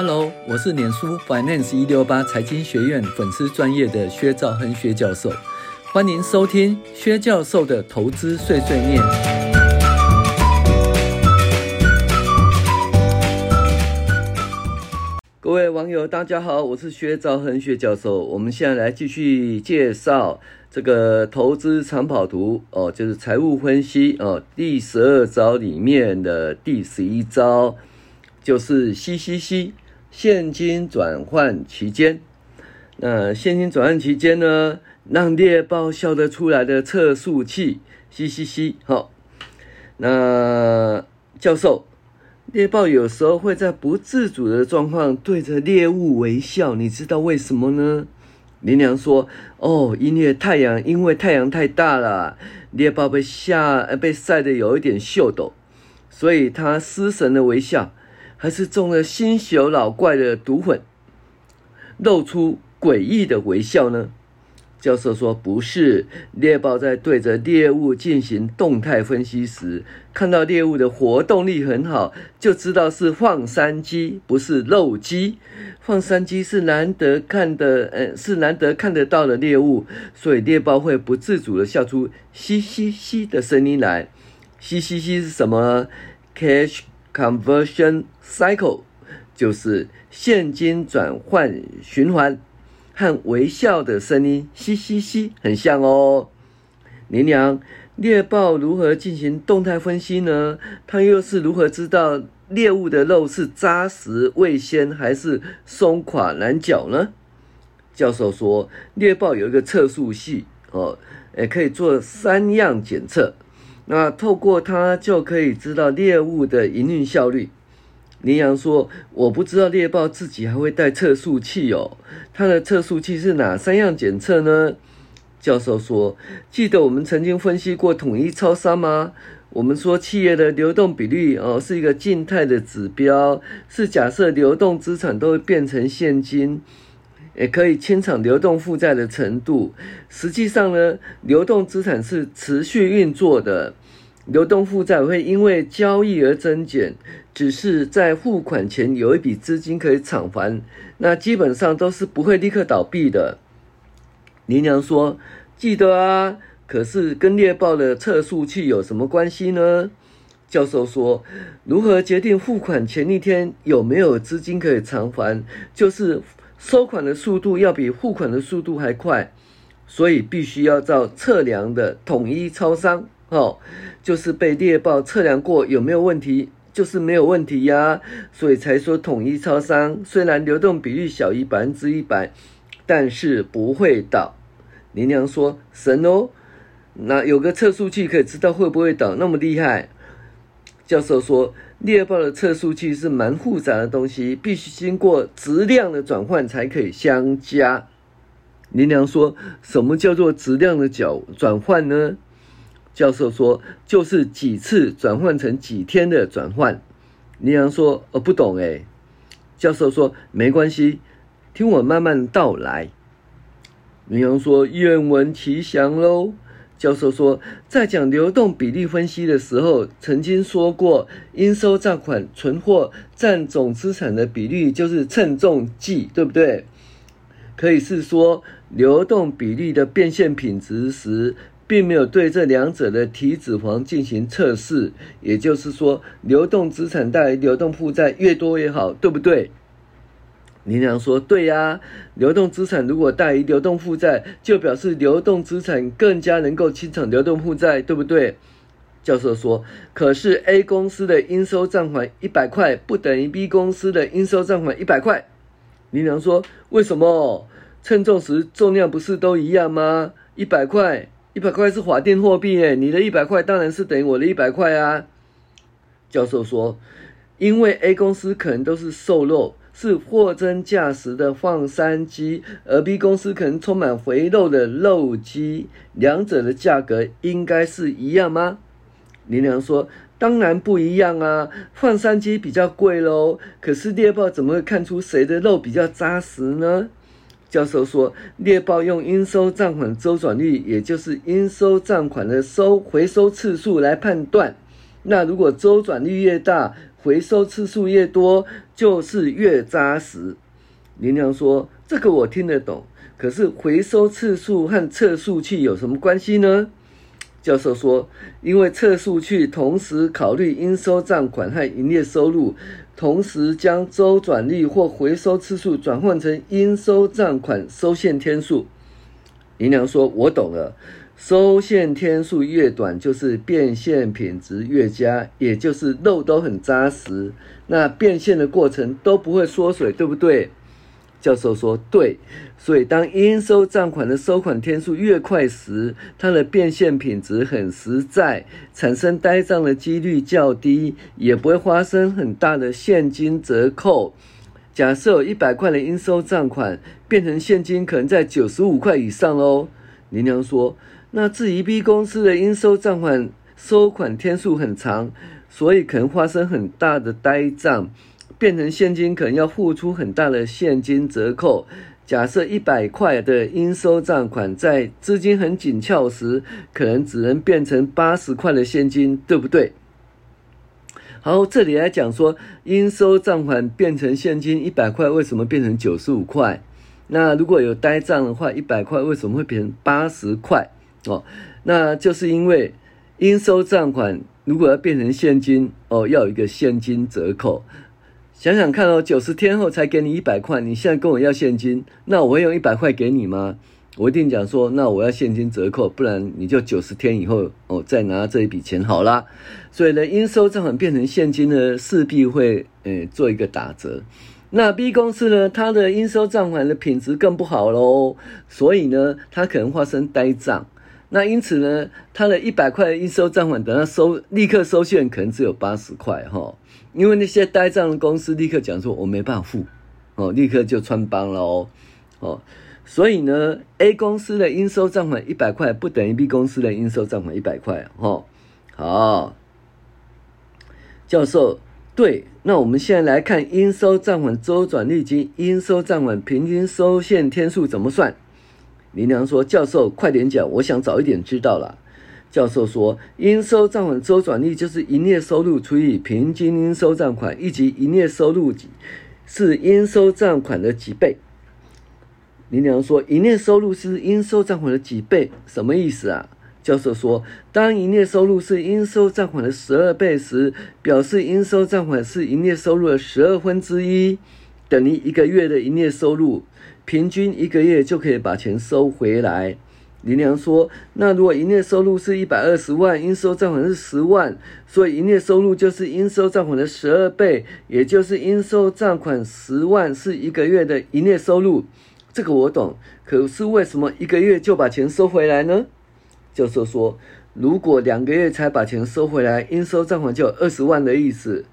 Hello，我是臉書 Finance 168財經學院粉絲專頁的薛兆亨薛教授，歡迎收聽薛教授的投資碎碎念。各位網友，大家好，我是薛兆亨薛教授。我們現在來繼續介紹這個投資藏寶圖哦，就是財務分析哦，第十二招裡面的第十一招，就是 CCC。現金轉換期間，那現金轉換期間呢？讓獵豹笑得出來的測速器，嘻嘻嘻，好。那教授，獵豹有時候會在不自主的狀況對着獵物微笑，你知道為什麼呢？羚羊說：“哦，因為太陽，因為太陽太大了，獵豹被嚇被曬得有一點秀逗，所以他失神的微笑。”還是中了星宿老怪的毒粉，露出詭異的微笑呢？教授說：“不是，獵豹在對着獵物進行動態分析時，看到獵物的活動力很好，就知道是放山雞，不是肉雞。放山雞是難得看的，嗯、呃，是難得看得到的獵物，所以獵豹會不自主的笑出‘嘻嘻嘻，嘻’的聲音來。‘嘻嘻嘻’是什麼？Cash Conversion cycle，就是現金轉換循環，和微笑的聲音嘻嘻嘻，很像哦。羚羊，獵豹如何進行動態分析呢？它又是如何知道獵物的肉是紮實味鮮還是鬆垮難嚼呢？教授說，獵豹有一個測速系哦，也可以做三樣檢測。那透過它就可以知道獵物的營運效率。羚羊說：“我不知道獵豹自己還會帶測速器哦，它的測速器是哪三樣檢測呢？”教授說：“記得我們曾經分析過統一超商嗎？我們說企業的流動比率哦，是一個靜態的指標，是假設流動資產都會變成現金。”也可以清償流動負債的程度。實際上呢，流動資產是持續運作的，流動負債會因為交易而增減，只是在付款前有一筆資金可以償還，那基本上都是不會立刻倒閉的。羚羊說：“記得啊，可是跟獵豹的測速器有什麼關係呢？”教授說：“如何決定付款前一天有沒有資金可以償還，就是。”收款的速度要比付款的速度還快，所以必須要照測量的統一超商哦，就是被獵豹測量過有沒有問題，就是沒有問題呀、啊，所以才說統一超商雖然流動比率小於百分之一百，但是不會倒。羚羊說：“神哦，那有個測速器可以知道會不會倒，那麼厲害。”教授說。獵豹的測速器是蠻複雜的東西，必須經過質量的轉換才可以相加。羚羊說：“什麼叫做質量的角轉換呢？”教授說：“就是幾次轉換成幾天的轉換。”羚羊說：“我、哦、不懂哎。”教授說：“沒關係，聽我慢慢道來。”羚羊說：“願聞其詳嘍。”教授說，在講流動比率分析的時候，曾經說過，應收賬款、存貨占總資產的比例就是稱重計，對不對？可以是說，流動比率的變現品質時，並沒有對這兩者的體脂肪進行測試。也就是說，流動資產大於流動負債越多越好，對不對？林娘說：“對呀、啊，流動資產如果大於流動負債，就表示流動資產更加能夠清償流動負債，對不對？”教授說：“可是 A 公司的應收賬款一百塊不等於 B 公司的應收賬款一百塊。”林娘說：“為什麼？稱重時重量不是都一樣嗎？一百塊，一百塊是法定貨幣耶，你的一百塊當然是等於我的一百塊啊。”教授說：“因為 A 公司可能都是瘦肉。”是貨真價實的放山雞，而 B 公司可能充滿迴肉的肉雞，兩者的價格應該是一樣嗎？林良說：“當然不一樣啊，放山雞比較貴嘍。可是獵豹怎麼會看出誰的肉比較扎實呢？”教授說：“獵豹用應收賬款周轉率，也就是應收賬款的收回收次數來判斷。那如果周轉率越大，”回收次數越多，就是越紮實。羚羊說：“這個我聽得懂，可是回收次數和測速器有什麼關係呢？”教授說：“因為測速器同時考慮應收賬款和營業收入，同時將週轉率或回收次數轉換成應收賬款收現天數。”羚羊說：“我懂了。”收現天數越短，就是變現品質越佳，也就是肉都很紮實，那變現的過程都不會縮水，對不對？教授說對，所以當應收賬款的收款天數越快時，它的變現品質很實在，產生呆賬的幾率較低，也不會發生很大的現金折扣。假設有一百塊的應收賬款變成現金，可能在九十五塊以上哦。羚羊說。那至於 B 公司的應收賬款收款天數很長，所以可能發生很大的呆賬，變成現金可能要付出很大的現金折扣。假設一百塊的應收賬款在資金很緊俏時，可能只能變成八十塊的現金，對不對？好，這裡來講說應收賬款變成現金一百塊，為什麼變成九十五塊？那如果有呆賬的話，一百塊為什麼會變成八十塊？哦，那就是因為應收賬款如果要變成現金，哦，要有一個現金折扣。想想看哦，九十天後才給你一百塊，你現在跟我要現金，那我會用一百塊給你嗎？我一定講說，那我要現金折扣，不然你就九十天以後，哦，再拿這一筆錢好啦，所以呢，應收賬款變成現金呢，勢必會嗯、欸，做一個打折。那 B 公司呢，它的應收賬款的品質更不好嘍，所以呢，它可能發生呆賬。那因此呢，他的一百塊應收賬款等他收，立刻收現，可能只有八十塊哈，因為那些呆賬的公司立刻講說，我沒辦法付，哦，立刻就穿幫了哦，哦，所以呢，A 公司的應收賬款一百塊不等於 B 公司的應收賬款一百塊哈，好，教授，對，那我們現在來看應收賬款週轉率及應收賬款平均收現天數怎麼算？羚羊說：“教授，快點講，我想早一點知道了。”教授說：“應收賬款周轉率就是營業收入除以平均應收賬款，以及營業收入是應收賬款的幾倍。”羚羊說：“營業收入是應收賬款的幾倍？什麼意思啊？”教授說：“當營業收入是應收賬款的十二倍時，表示應收賬款是營業收入的十二分之一，等於一個月的營業收入。”平均一個月就可以把錢收回來。羚羊說：“那如果營業收入是一百二十萬，應收賬款是十萬，所以營業收入就是應收賬款的十二倍，也就是應收賬款十萬是一個月的營業收入。這個我懂，可是為什麼一個月就把錢收回來呢？”教授說：“如果兩個月才把錢收回來，應收賬款就有二十萬的意思。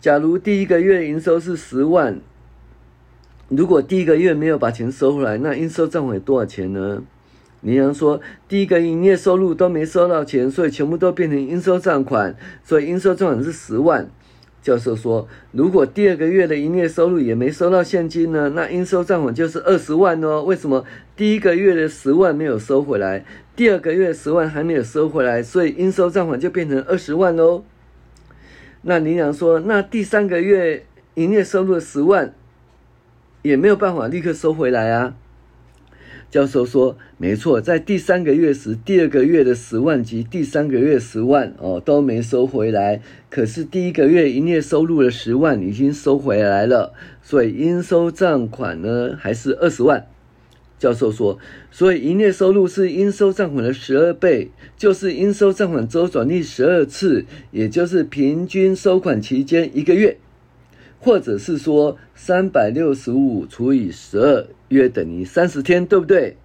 假如第一個月營收是十萬。”如果第一個月沒有把錢收回來，那應收賬款有多少錢呢？羚羊說，第一個營業收入都沒收到錢，所以全部都變成應收賬款，所以應收賬款是十萬。教授說，如果第二個月的營業收入也沒收到現金呢，那應收賬款就是二十萬哦。為什麼第一個月的十萬沒有收回來，第二個月十萬還沒有收回來，所以應收賬款就變成二十萬哦？那羚羊說，那第三個月營業收入十萬。也沒有辦法立刻收回來啊！教授說：“沒錯，在第三個月時，第二個月的十萬及第三個月十萬哦都沒收回來，可是第一個月營業收入的十萬已經收回來了，所以應收賬款呢還是二十萬。”教授說：“所以營業收入是應收賬款的十二倍，就是應收賬款週轉率十二次，也就是平均收款期間一個月。”或者是說三百六十五除以十二約等於三十天，對不對？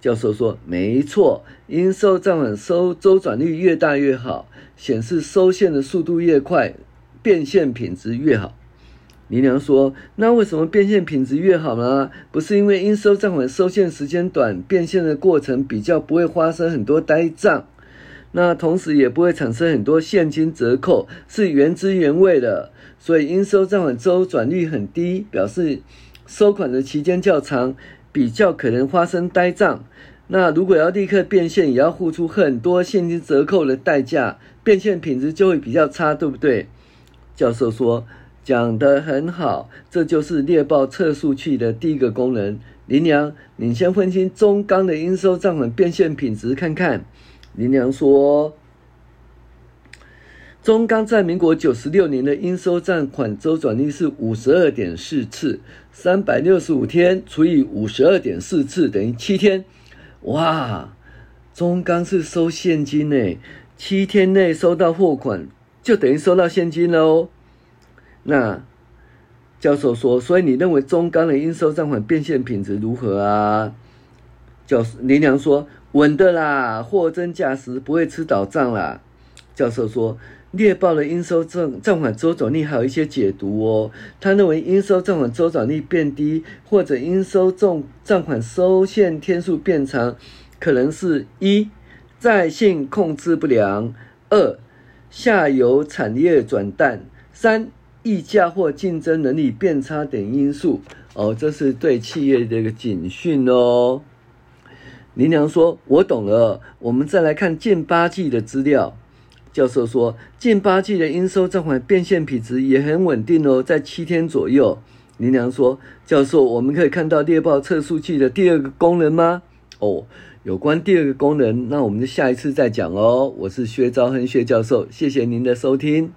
教授說，沒錯，應收賬款收周轉率越大越好，顯示收現的速度越快，變現品質越好。羚羊說，那為什麼變現品質越好呢？不是因為應收賬款收現時間短，變現的過程比較不會發生很多呆賬。那同時也不會產生很多現金折扣，是原汁原味的，所以應收賬款周轉率很低，表示收款的期間較長，比較可能發生呆賬。那如果要立刻變現，也要付出很多現金折扣的代價，變現品質就會比較差，對不對？教授說，講得很好，這就是獵豹測速器的第一個功能。羚羊，你先分清中鋼的應收賬款變現品質，看看。羚羊說：“中鋼在民國九十六年的應收賬款週轉率是五十二點四次，三百六十五天除以五十二點四次等於七天。哇，中鋼是收現金呢，七天內收到貨款就等於收到現金了哦。那教授說，所以你認為中鋼的應收賬款變現品質如何啊？”教羚羊說。穩的啦，貨真價實，不會吃倒賬啦。教授說，獵豹的應收賬款周轉率還有一些解讀哦。他認為應收賬款周轉率變低，或者應收賬款收現天數變長，可能是一，在線控制不良，二下游產業轉淡，三議價或競爭能力變差等因素。哦，這是對企業的一個警訊哦。羚羊說：“我懂了，我們再來看近八季的資料。”教授說：“近八季的應收賬款變現比值也很穩定哦，在七天左右。”羚羊說：“教授，我們可以看到獵豹測速器的第二個功能嗎？”哦，有關第二個功能，那我們就下一次再講哦。我是薛兆亨薛教授，謝謝您的收聽。